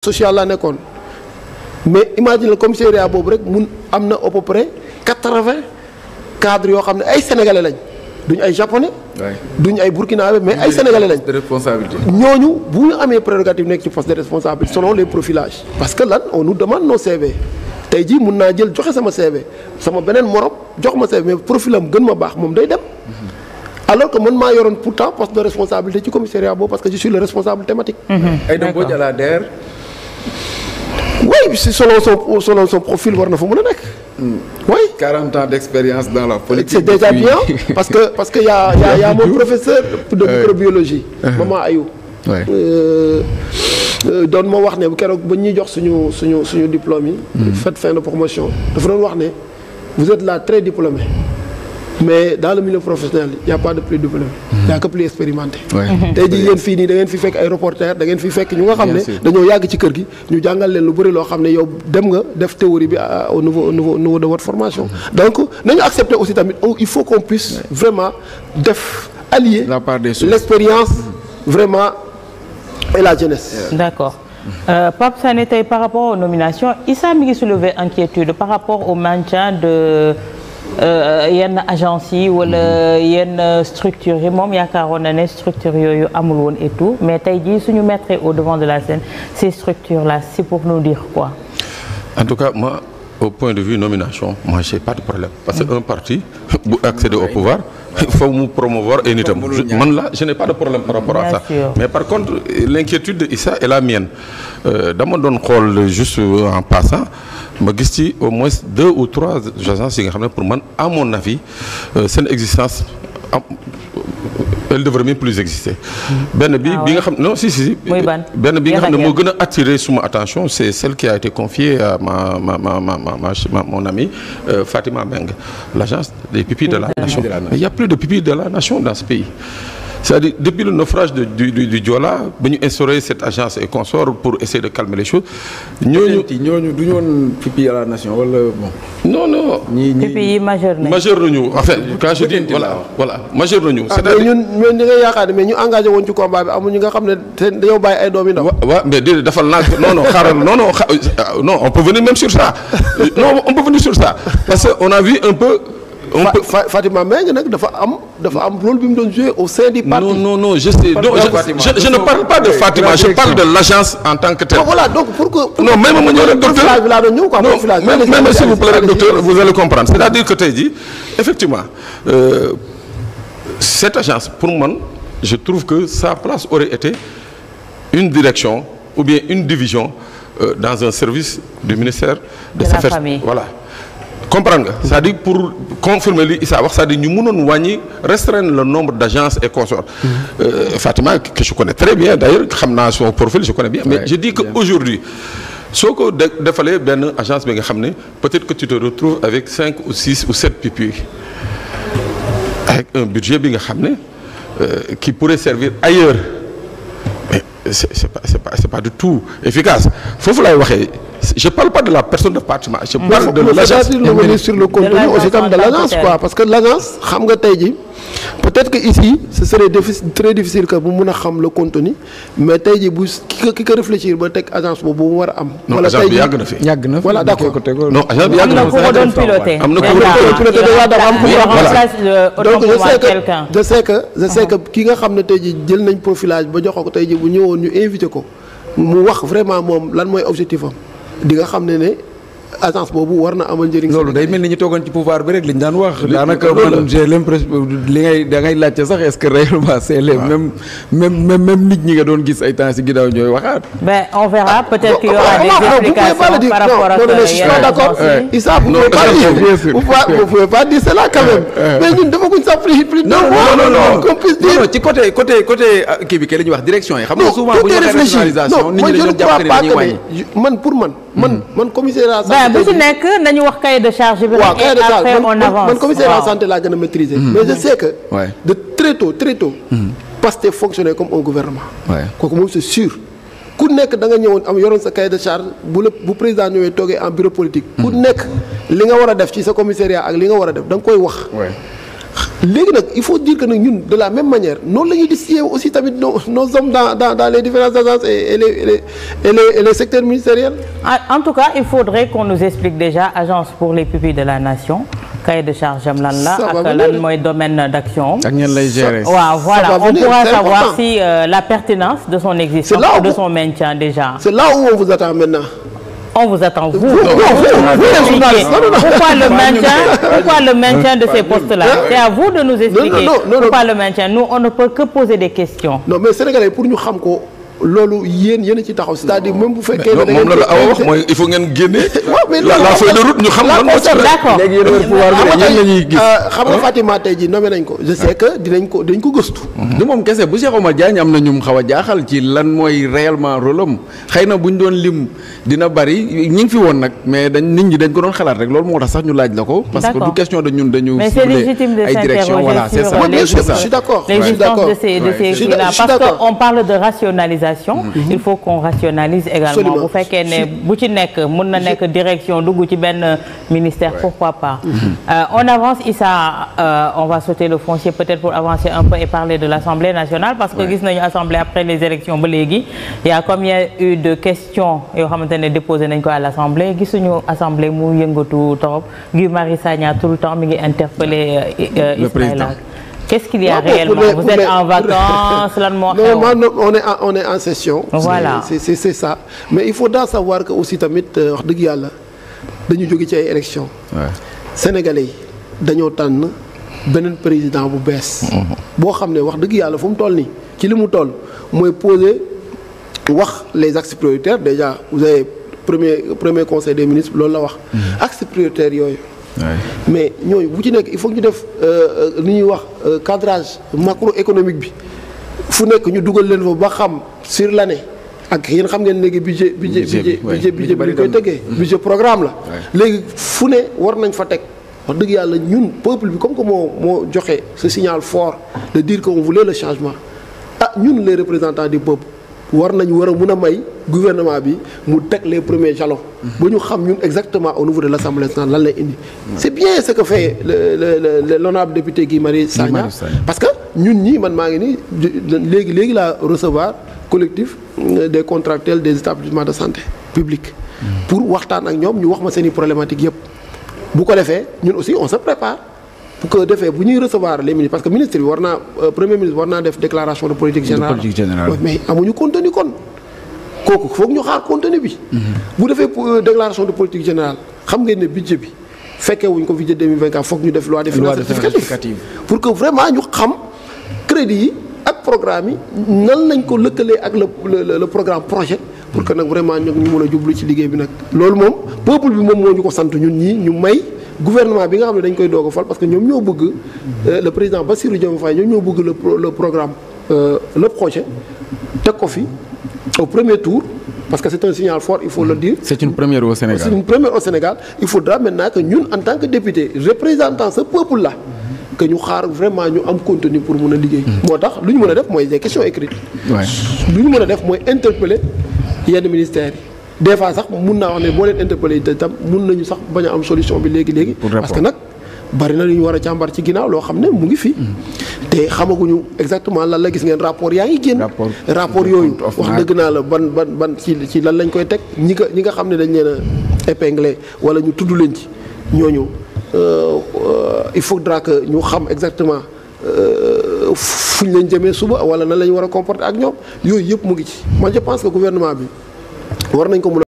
social laa nekkoon mais imagine commissariat boobu rek mun am na à peu près quatre-vingts cadres yoo xam ne ay sénégalais lañ duñ ay japonais. duñ ay burkinabé mais ay sénégalais lañ. responsabilité ñooñu bu ñu amee prérogative nekk ci poste de responsabilité selon les profilages. parce que lan on nous demande nos tey jii mun naa jël joxe sama CV sama beneen morom jox ma CV mais profilam gën ma baax moom day dem. Mhm. alors que man maa yoroon pourtant poste de responsabilité ci commissariat boobu parce que je suis le responsable thématique. ay dem oui si selon son selon son profil war na fa mën a nekk. Hmm. oui 40 ans d' expérience dans la politique. c' est déjà bien parce que parce que y' a y' a, y' a mon professeur. de microbiologie. Uh-huh. Euh, euh, doon moo wax ne bu keroog ba ñuy jox suñu suñu suñu diplôme yi. Hmm. fête fin de promotion dafa doon wax ne vous êtes là très diplômé. mais dans le milieu professionnel y' a pas de plus diplômé. y' a que plus expérimenté. tey jii yéen fii nii da ngeen fi fekk ay reporter da ngeen fi fekk ñu nga xam ne. dañoo yàgg ci kër gi ñu jàngal leen lu bëri loo xam ne yow dem nga def théorie bi euh, au niveau au niveau au niveau de votre formation. donc nañu accepter aussi tamit oh, il faut qu'on puisse vraiment def allier. la part des choses l'expérience mm. vraiment et la jeunesse. d'accord. Euh, Pape Sané tey par rapport aux nominations Issa mi ngi soulever inquiétude par rapport au Euh, yenn agence yi wala yenn structures yi moom yaakaaroon na ne structure yooyu amul woon et tout mais tey jii suñu mettre au devant de la scène ces structures là c'est pour nous dire quoi. en tout cas moi au point de vue nomination moi j'ai pas de problème. parce que un parti bu accéder au pouvoir. il faut mu promouvoir ay nitam man la je n'ai pas de problème par rapport à par contre l'inquiétude de Issa est la mienne euh, dama doon xool juste en passant. ma gis ci au moins deux ou trois agences yi nga xam ne pour man à mon avis euh, seen existence am elle devrait même plus exister. Mm-hmm. benn bi ah bi nga xam non si benn bi nga xam ne moo gën a attiré suma attention c' est celle qui a été confiée à ma ma ma ma ma ma mon ami euh, Fatima Mbengue l' des pupilles de la mm-hmm. nation. mais il y a plus de pupilles de la nation dans ce pays. c'est-à-dire depuis le naufrage de du du du Joola ba ñu instauré cette agence et consort pour essayer de calmer les choses. ñooñu du ñu woon pipi à la nation wala bon. non non. ñii ñii pipi yi majeur nañu. quand je dis voilà voilà majeur nañu. Ah, c'est-à-dire ñun ne mais ñu engagé woon ci combat bi amuñu nga xam ne te dañoo bàyyi ay doom yu ndaw. wa mais déedéet dafa laaj non euh, non on peut venir même sur ça euh, non on peut venir sur ça parce on a vu un peu. Fatima Mbengue nag dafa am dafa am rôle bi mu doon au sein du parti. non non non je sais donc je je ne parle pas de Fatima je parle de l'agence en tant que telle. pour que. non may ma docteur profilage bi laa vous plaît docteur vous allez comprendre c'est-à-dire que tey jii effectivement euh, cette agence pour man je trouve que sa place aurait été une direction ou bien une division euh, dans un service du ministère. de sa famille comprendre nga cest dire pour confirmer li Issa wax c'est-à-dire ñu mënoon wàññi restreindre le nombre d'agences et consorts mm-hmm. euh, Fatima que je connais très bien d'ailleurs xam naa son profil je connais bien mais ouais, je dis que aujourd'hui soo ko defalee benn agence bi nga xam ne peut-être que tu te retrouves avec cinq ou six ou sept pupilles avec un budget bi nga xam ne euh, qui pourrait servir ailleurs mais c'est, c'est pas c'est pas du tout efficace foofu laay waxee je parle pas de la personne de département. je parle de l'agence revenir parce que l'agence xam nga tey ji peut-être que ici ce serait difficile très difficile que bu mun a xam le contenu mais tey ji bu ki ki ko réfléchir ba teg agence boobu mu war a am. wala tey ji yàgg na fi yàgg na voilà donc je sais que je sais ki nga xam ne tey ji jël nañ profilage ba jox ko tey ji bu ñëwoon ñu invité ko mu wax vraiment moom lan mooy objectif am. di nga xam ne ne agence boobu war na amal njëriñ. loolu day mel ni ñu toogoon ci pouvoir bi rek liñ daan wax. daanaka man j'ai l'impression li ngay da ngay laajte sax est-ce que réellement c'est les nit ñi nga doon gis ay temps si ginnaaw ñooy waxaat. mais on verra ah, peut-être qu'il y aura ah, des explications par rapport à non non je suis pas ci coté côté côté euh, kii bi kay ñuy wax direction yi. xam nga souvent bu ñu waxee rationalisation nit ñi dañu jàpp ne dañuy man pour man man hmm. man commissaire à santé bu si nekk nañu wax cahier de charge bi. waaw cahier de charge man man commissaire à santé laa gën a maîtriser. Hmm. mais je sais que. de très tôt très tôt. Hmm. comme un gouvernement. kooku moom c'est sûr. ku nekk da nga ñëwoon am yoroon sa cahier de charge bu la bu président ñëwee toogee en bureau politique. ku nekk li nga war def ci sa commissariat ak li nga war a def da nga koy wax. léegi nag il faut dire que nag ñun de la même manière noonu la ñuy distiller aussi tamit nos hommes dans les différentes agences et, et les et ah, En, tout cas il faudrait qu'on nous explique déjà agence pour les pupilles de la nation. cahier de charge am la ak lan mooy domaine d'action voilà on pourra savoir si euh, la pertinence de son existence. de son maintien déjà. c'est là où on vous attend maintenant. on vous attend vous. pourquoi le maintien pourquoi le maintien de ces postes là. c'est à vous de nous expliquer. pourquoi le maintien nous on ne peut que poser des questions. non mais Sénégalais pour ñu xam ko. loolu yéen yéen a ci taxaw cest à bu fekkee ne moom la awa wax mooy il faut ngeen génne. waaw mais la feuille ñu xam lan euh, Fatima tey ji nommé nañ ko dinañ ko gëstu mhm. du moom kese bu Cheikh Omar Diagne am na ñu xaw a jaaxal ci lan mooy réellement rôle am xëy na buñ doon lim dina bari ñi ngi fi woon nag mais nit ñi dañ ko doon xalaat rek loolu moo tax sax ñu laaj la ko parce que du question de ñun ay direction voilà c'est ça je d'accord parce qu'on parle organisation mhm. il faut qu'on rationalise également bu fekkee ne bu ci nekk mën na nekk direction dugg ci benn ministère pourquoi pa mhm. euh, on avance Issa euh, on va sauter le foncier peut-être pour avancer un peu et parler de l'Assemblée nationale parce que gis nañu Assemblée après les élections ba léegi y a combien eu de questions yoo xamante ne déposé nañ ko à l'Assemblée gisuñu Assemblée mu yëngatu torop Guy Marius Sagna tout le temps mi ngi interpeller euh, Ismaïla qu'est-ce qu'il y a non, réellement en vacances lan moo xew on est en, on en session. voilà ça mais il faudra savoir que aussi tamit euh, wax dëgg yàlla dañu jóge ci ay élections. sénégalais yi dañoo tànn beneen président bu bees. Mm-hmm. boo xam ne wax dëgg yàlla fu mu toll nii ci li mu toll mooy poser wax les axes prioritaires déjà vous avez premier premier conseil des ministres loolu la wax. Mm-hmm. axes prioritaires yooyu. mais ñooñu bu ci nekk il faut ñu def euh, lu ñuy wax euh, cadrage macroéconomique bi fu nekk ñu dugal leen fa ba xam sur l'année ak yéen xam ngeen léegi budget budget budget budget bi ñu koy tëggee mm. budget programme la léegi fu ne war nañ fa teg wax dëgg yàlla ñun peuple bi comme que moo moo joxe ce signal fort de dire qu'on voulait le changement ah ñun les représentants du peuple war nañ war a mun a may gouvernement bi mu teg les premiers jalons. ba ñu xam ñun exactement au niveau de l' assemblée nationale lan lay indi. c' bien ce que fait le le le l' honorable député Guy Marius Sagna parce que ñun ñii man maa ngi nii léegi léegi laa recevoir collectif euh, des contractuels des établissements de santé publics. Hmm. pour waxtaan ak ñoom ñu wax ma seeni i problématique yëpp. bu ko defee ñun aussi on se prépare pour que defee bu ñuy recevoir les ministres parce que ministre bi war naa euh, premier ministre naa def déclaration de politique mais amuñu contenu kon kooku foog ñu xaar contenu bi. bu defee euh, déclaration de politique générale xam ngeen ne budget bi fekkee wuñ ko fi jël 2024 foog ñu def loi de finances pour que vraiment ñu xam crédit yi ak programme yi nan nañ ko lëkkalee ak le le programme projet. pour que nag vraiment ñu mën a jublu ci liggéey bi nag. loolu moom peuple bi moom moo ñu ko sant ñun ñii ñu may gouvernement bi nga xam ne dañ koy doog a fal parce que ñoom ñoo bëgg. Euh, le président Bassirou Diomaye Faye ñoom ñoo bëgg le le programme euh, le projet teg ko fi. au premier tour parce que c'est un signal fort il faut le mhm. dire. c'est une première au Sénégal c'est une première au Sénégal il faudra maintenant ñun en tant que député représentant ce peuple là. que ñu xaar vraiment ñu am continue pour mën a liggéey. Mhm. moo tax lu ñu mën a def mooy des questions écrites. lu ñu mën a def mooy interpeller yenn ministères yi. des fois sax mun naa wax ne boo leen interpeller itam mun nañu sax bañ a am solution bi léegi léegi. parce que nag. bari na lu ñu war a càmbar ci ginnaaw loo xam ne mu ngi fi. te xamaguñu exactement lan la gis ngeen rapport yaa ngi génn. rapport yooyu wax dëgg naa la ban ban ban ci ci lan lañ koy teg ñi nga ñi nga xam ne dañ leen a épinglé wala ñu tudd leen ci ñooñu euh, il faut que ñu xam exactement euh, fu ñu lañ jëmee suba wala nan la ñu war a comporter ak ñoom yooyu yëpp mu ngi ci man je pense que gouvernement bi war nañ ko mun